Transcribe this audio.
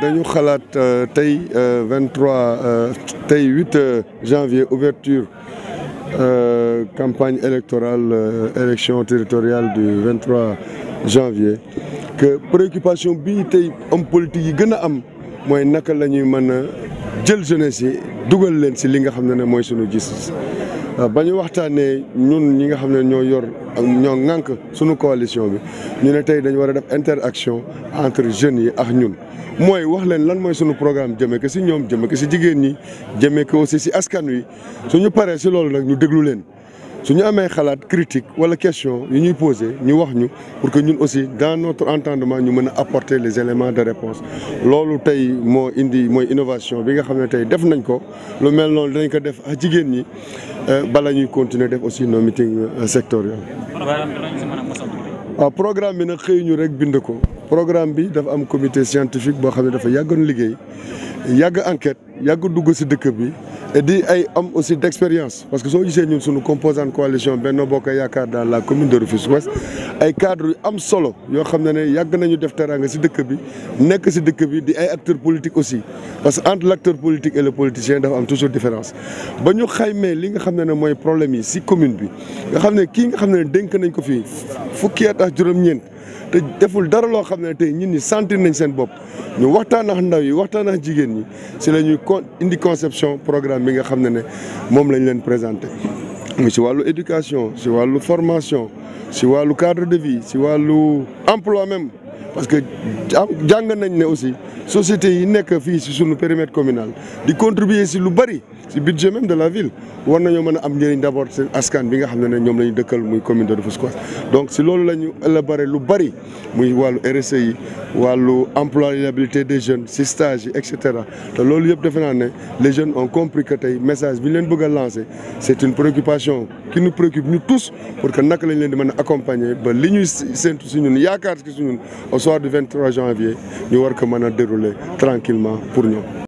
dañu avons euh, tey 23 euh, 8 euh, janvier ouverture euh, campagne électorale élection territoriale du 23 janvier que préoccupation bi tey homme politique yi gën a am mooy naka la ñuy jël jeunesse yi dugal leen si li nga xam Euh, ba ñu waxtaanee ñun ñi nga xam ne ñoo yor ak ñoo ŋànk suñu coalition bi ñu ne tey dañu war a def interaction entre jeunes yi ak ñun mooy wax leen lan mooy suñu programme jëmee ko si ñoom jëmee ko si jigéen ñi jëmee ko aussi si askan wi suñu paree si loolu nag ñu déglu leen Si nous avons des critique wala question questions, ñuy poser, ñu wax ñu pour que nous aussi dans notre entendement nous puissions apporter les éléments de réponse C'est ce moo indi mon innovation bi nga xam ne tey def nañ ko lu mel noonu dinañ ko def euh, bala ñuy continuer def aussi nos meetings euh, sectoriels Le programme est ah, nag xëy ñu rek programme bi dafa am comité scientifique bo xamné dafa yàggoon liguey yag enquête yag dugg ci dëkk bi et di ay am aussi d'expérience, parce que so gisee ñun suñu composante coalition Benno Bokk Yaakaar dans la commune de Rufisque Ouest ay cadre am solo yo xamné ne yag nañu def teranga ci dëkk bi nek ci dëkk bi di ay acteur politique aussi parce que entre l'acteur acteur politique et le politicien dafa am toujours différence ba ñu xaymee li nga xamné ne moy problème yi commune bi nga xamné ki nga xamné denk nañ ko fi fukki at ak juróom te deful dara lo xamné tay ñinn ni sentir nañ seen bop ñu waxtaan ak ndaw yi waxtaan ak jigen ñi ci lañuy indi conception programme bi nga xamné ne mom lañ leen présenter mais si wàllu éducation ci walu formation ci walu cadre de vie ci walu emploi même parce que am jàng nañ aussi société yi nek fi ci suñu périmètre communal di contribuer ci lu bari ci budget même de la ville war nañu mëna a am ñëriñ d'abord abord askan bi nga xamné né ñom lañu la dëkkal muy commune de Rufisque donc si lolu la ñu élaboré lu bari muy walu RSE yi wàllu employabilité des jeunes ci stage etc. et cetera té lolu yëpp defe naa né les jeunes ont compris que tay message bi leen bëgg lancer. C'est une préoccupation qui nous préoccupe nous tous pour que nak lañ leen di mëna accompagner ba li ñuy séntu si ñun yaakaar ci ñun au soir du 23 janvier ñu war ko mën a dérouler tranquillement pour ñoom